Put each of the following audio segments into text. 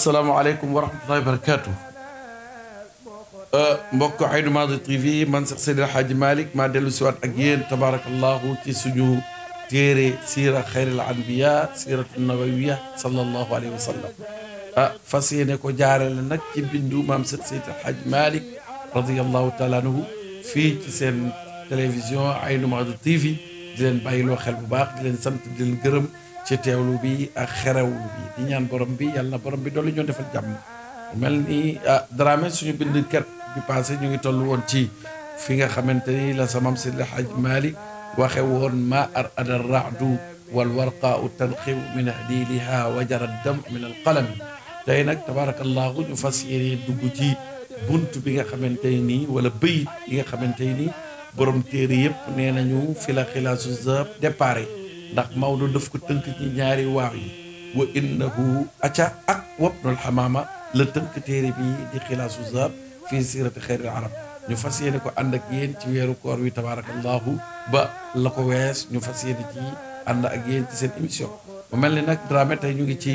السلام عليكم ورحمة الله وبركاته أه، مبكو عيد ماضي تيفي من سيخ سيد الحاج مالك ما دلو سوات أجين تبارك الله تي سجو تيري سيرة خير الأنبياء سيرة النبوية صلى الله عليه وسلم أه، فسيني كو جاري بندو مام سيخ سيد الحاج مالك رضي الله تعالى عنه في تسين تلفزيون عيد ماضي تي تيفي دلين بايلو خلق باق دلين سمت دلين قرم ci teewlu bi ak xerew bi ñaan borom bi yàlla na borom bi dolli ñoo defal jàmm mel ni ah, Dramé suñu bind ker bi passé ñu ngi toll woon ci fi nga xamante ni la samam si la xaj Malik waxe woon ma ar ada raadu wal warqaau tanqiu min ahdiliha wa jara dam min alqalami tey nag tabarakallahu ñu fas yéene dugg ci bunt bi nga xamante nii wala bëy yi nga xamante nii borom téere yëpp nee nañu fi la xilaasu zab départ ndax Maodo daf ko tënk ci ñaari waaw yi wa innahu aca ak wabnul xamaama la tënk téere bi di xilaasu zaab fii sirati xeyril arab ñu fas yéene ko ànd ak yéen ci weeru koor wi tabaarakallaahu ba la ko wees ñu fas yéene ci ànd ak yéen ci seen émission mu mel ni nag Dramé tey ñu ngi ci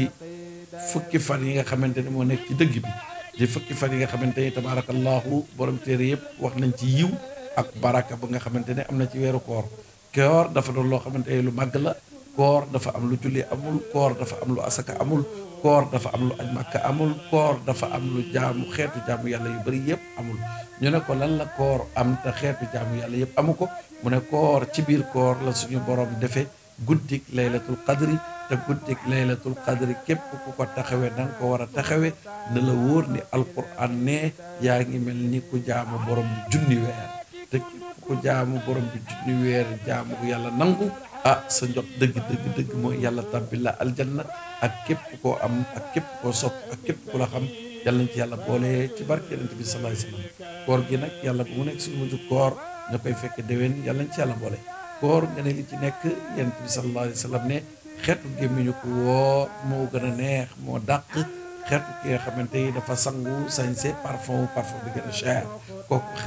fukki fan yi nga xamante ne moo nekk ci dëgg bi di fukki fan yi nga xamante ni tabaarakallaahu borom téere yëpp wax nañ ci yiw ak baraka bu nga xamante ne am na ci weeru koor koor dafa doon loo xamante ne lu màgg la koor dafa am lu julli amul koor dafa am lu asaka amul koor dafa am lu aj màkka amul koor dafa am lu jaamu xeetu jaamu yàlla yu bari yëpp amul ñu ne ko lan la koor am te xeetu jaamu yàlla yëpp amu ko mu ne koor ci biir koor la suñu borom defee guddik laylatul qadri te guddik laylatul qadri képp ku ko taxawee na nga ko war a taxawee ne la wóor ni alquran ne yaa ngi mel ni ku jaamu borom junni weer koo jaamu borom bi junni weer jaamu yàlla nangu ah sa njot dëgg dëgg dëgg mooy yàlla tàbbi la aljanna ak képp ko am ak képp koo sopp ak képp ku la xam yàlla nañ ci yàlla boole ci barke yonent bi salaay salaam gi nag yàlla bu mu nekk suñu mujj koor nga koy fekke déwén yàlla nañ ci yàlla boole koor nga ne li ci nekk yonent bi salaay salaam ne xeetu gémmiñu ku woor moo gën a neex moo dàq xet ki nga xamante ni dafa sangu sañse parfum parfum bi gën a cher kooku bi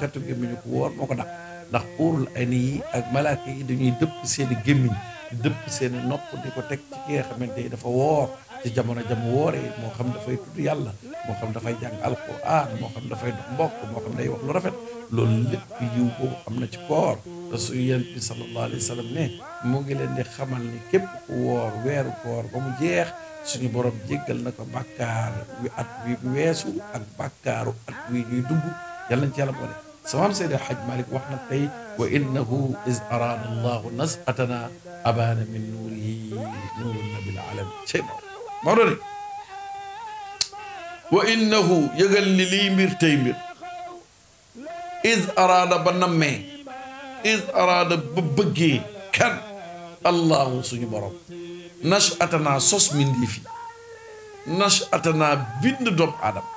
xeetu ñu ko woor moo ko daq ndax uurul ayni yi ak malaaka yi dañuy dëpp seen gémmiñ dëpp seen nopp di ko teg ci ki nga xamante ni dafa woor ci jamono jam wooree moo xam dafay tudd yàlla moo xam dafay jàng alquran moo xam dafay dox mbokk moo xam day wax lu rafet loolu lépp yiw boobu am na ci koor te su yent bi sallallahu alayhi wa sallam ne mu ngi leen di xamal ni képp ku woor weeru koor ba mu jeex suñu borom jéggal na ko bàkkaar wi at wi weesu ak bàkkaaru at wi ñuy dugg yàlla nañ ci yàlla boole sama am Seydi Haj Malik wax na tey wa innahu is araada allahu nasatana abana min nuurihi nuuru nabil alam cey ma Maodo ne wa innahu yëgal ni lii mbir tey mbir is araada ba nammee is araada ba bëggee kan allahu suñu borom nas atanaa sos mbindéef yi nas atanaa bind doomu aadama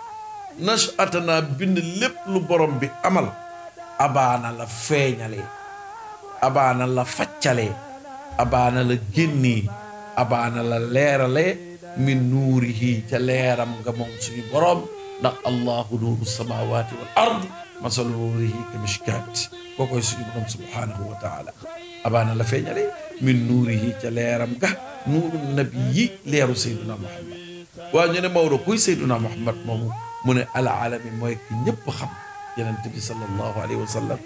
nas atanaa bind lépp lu borom bi amal abaana la feeñalee abaana la faccalee abaana la génnee abaana la leeralee min nuurihi ca leeram nga moom suñu borom ndax allahu nuuru samawaati wal ard masalu nuurihi ka mishkaat kookoy suñu borom subhaanahu wa taala abaana la feeñalee min nuurihi ca leeram ga nuuru nabi yi leeru sayduna muhammad waaw ñu ne Maodo kuy muhammad moomu mu ne al alami mooy ki ñëpp xam yonent bi sallallahu alayhi wa sallam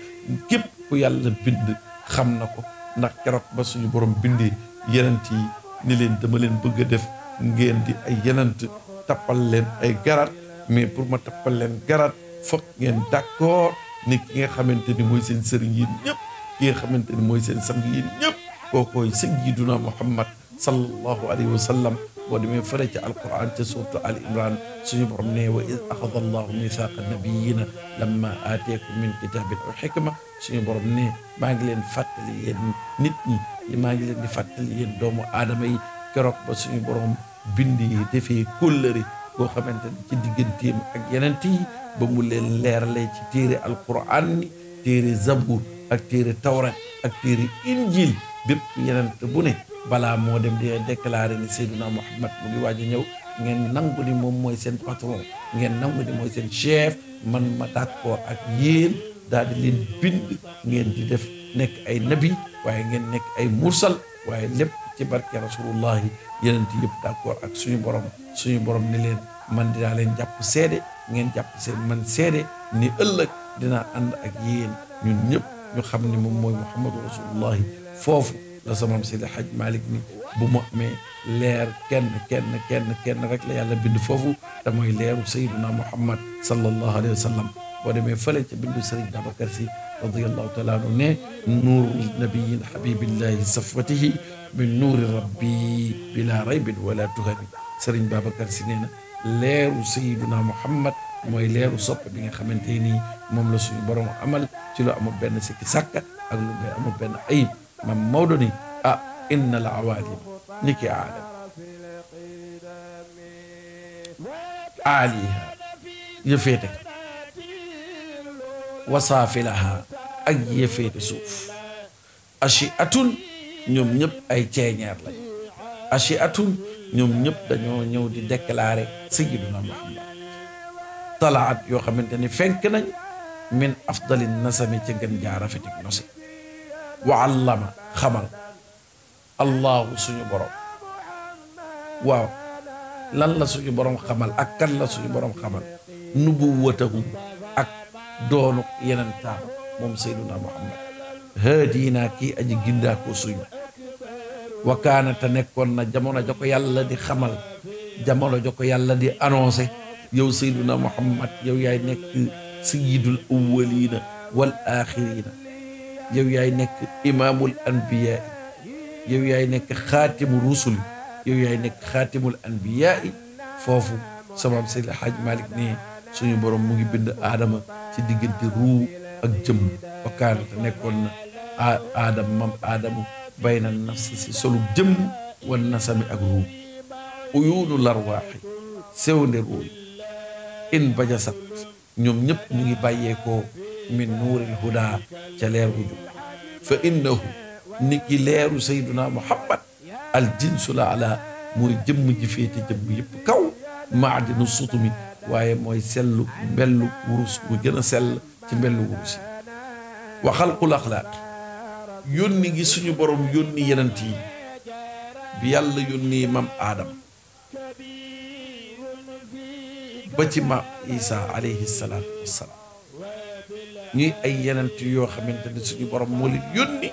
képp ku yàlla bind xam na ko ndax keroog ba suñu borom bindi yonent yi ni leen dama leen bëgg def ngeen di ay yonent tappal leen ay garat mais pour ma tappal leen garat foog ngeen d'accord ni ki nga xamante ni mooy seen sëriñ yi ñëpp ki nga xamante ni mooy seen sang yi ñëpp كوكوي سيدنا محمد صلى الله عليه وسلم ودمي فرج القرآن تسوط على إمران سيب عمني وإذ أخذ الله ميثاق النبيين لما آتيكم من كتاب الحكمة سيب عمني ما قلين فتلي نتني ما قلين فتلي دوم آدمي كروك بسيب عم بندي تفي كلري كو خمنت جدي جنتي مأجننتي بمول لير لي تيري القرآن تيري زبور أكتيري تورة أكتيري إنجيل bépp te bu ne balaa moo dem di déclaré ni Seydina Muhammad mu ngi waaj a ñëw ngeen nangu di moom mooy seen patron ngeen nangu di mooy seen chef man ma d'accord ak yéen daal di leen bind ngeen di def nekk ay nabi waaye ngeen nek ay mursal waaye lépp ci barke rasulullahi yenent yëpp d'accord ak suñu borom suñu borom ni leen man dinaa leen jàpp seede ngeen jàpp seen man seede ni ëllëg dina ànd ak yéen ñun ñëpp ñu xam ni moom mooy Muhammadu rasulullahi فوفو لا سمام سيد الحاج مالك ني بو مؤمي لير كان كان كان كان رك لا يالا بيد فوفو تاموي لير سيدنا محمد صلى الله عليه وسلم ودمي فلي تي بيد سيد ابو سي رضي الله تعالى عنه نور النبي حبيب الله صفوته من نور ربي بلا ريب ولا تهب سيرن بابا بكر سينا لير سيدنا محمد موي لير صوب بيغا خامتيني موم لا سوني بروم عمل تي لو امو بن سيكي ساك ak lu ngay amul benn ayib من مولني آه، إن العوالم نكي عالم عليها يفيدك وصافي لها أي يفيد سوف أشيئة نيوم نيب أي تينير لك أشيئة نيوم نيب دانيو نيو دي ديكلاري سيدنا محمد طلعت يوخا من فنكنا من أفضل النسمة تنجن في تكنوسي وعلم خمر الله سوني برام واو لن لا سوني برام خبر أكل لا سوني برام خبر نبوته أك دون يننتا مم سيدنا محمد هادينا كي أجي جندا كوسوي وكانت تنكون نجمونا جوكو يالا دي خمر جمونا جوكو يالا دي أنوسي يو سيدنا محمد يو يا نك سيد الأولين والآخرين yow yaay nekk imaamul anbiyaa yow yaay nekk xaatimu rusul yow yaay nekk xaatimul anbiyaa foofu sama am Seydi El Hadj Malick ne suñu borom mu ngi bind aadama ci diggante ruu ak jëmm ba kaanata nekkoon na ah aadama mam aadamu bay na nafsi si solu jëmm wan nasami ak ruu uyuunu larwaaxi sewnde ruu in bajasat ñoom ñëpp ñu ngi bàyyeekoo. min nuuril huda ca leer gu jub fa innahu nit ki leeru sayduna muhammad al jinsu la ala mooy jëmm ji féete jëmm yëpp kaw maadinu sutumi waaye mooy sellu mbellu wurus bu gën sell ci mbellu wurus yi wa xalqul axlaaq yónni gi suñu borom yónni yenent yi bi yàlla yónni mam aadam ba ci ñuy ay yenent yoo xamante ne suñu borom moo leen yónni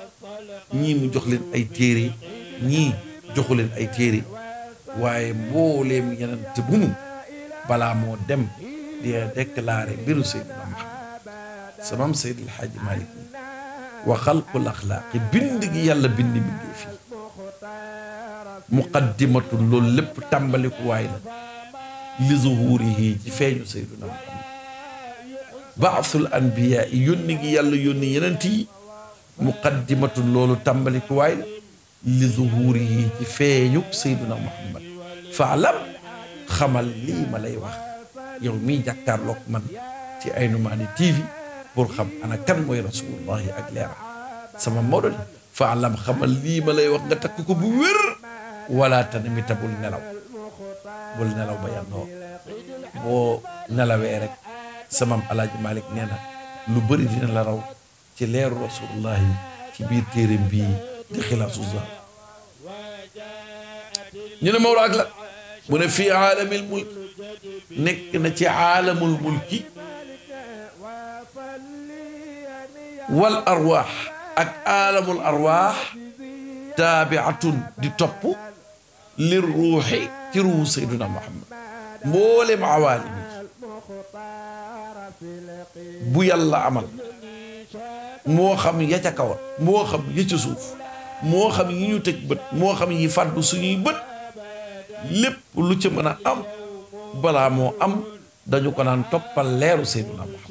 ñii mu jox leen ay téere ñii joxu leen ay téere waaye mbooleem yenent bu mu balaa moo dem di déclaré mbiru Seydina Muhammad samam Seydi El Hadji Malick wa xalqul axlaaqi bind gi yàlla bind bindee fii muqaddimatun loolu lépp tàmbalikuwaay la li zuhurihi ci feeñu Seydina Muhammad baasul anbiyaa yónni gi yàlla yónni yenent yi muqaddimatun loolu tàmbalikuwaay la li zuhuuri yi ci feeñu sayduna muhammad faalam xamal lii ma wax yow mii jàkkaarloog man ci Aynu Maadi TV pour xam ana kan mooy rasulullahi ak leeram sama modo li faalam xamal lii ma lay wax nga takk bu wér wala tanamita bul nelaw bul boo nelawee sama alaaji Malick nee na lu bëri dina la raw ci leeru rasulullahi ci biir téere bii di xilaasu zahab ñu ne Maodo ak la mu ne fii aalamil mulk nekk na ci aalamul mulki wal arwaax ak aalamul arwaax taabiatun di topp li ruuxi ci ruuxu Seydina Muhammad mboolem awaalim yi bu yàlla amal moo xam ya ca kaw moo xam ya ca suuf moo xam yi ñu teg bët moo xam yi fàddu suñuy bët lépp lu ca mën a am balaa moo am dañu ko naan toppal leeru Seydina Muhammad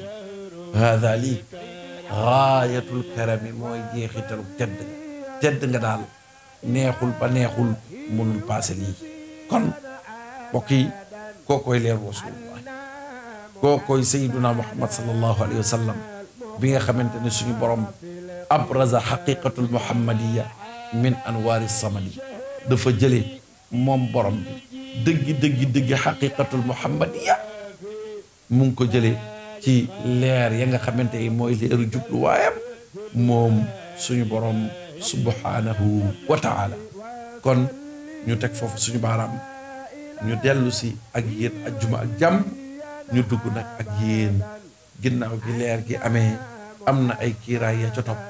hada lii gaayatul karami mooy jeexitalu tedd nga tedd nga daal neexul ba neexul mënul paase lii kon mbokk yi kookoy leeru Rasulullah كوكو سيدنا محمد صلى الله عليه وسلم بيغا خامتاني سوني بروم ابرز حقيقه المحمديه من انوار السمد دا مم جيلي موم بروم دقي دغ دغ حقيقه المحمديه مونكو جيلي تي لير ياغا خامتاني موي لير جوبلو وايام موم سوني بروم سبحانه وتعالى كون ñu teg fofu suñu baram ñu delu ñu dugg nag ak yéen ginnaaw gi leer gi amee am na ay kiiraay ya ca topp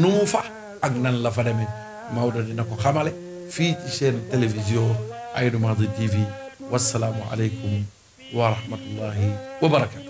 nu fa ak nan la fa demee Maodo dina ko xamale fii ci seen télévision Aïnou Mady TV wasalaamu aleykum wa rahmatullahi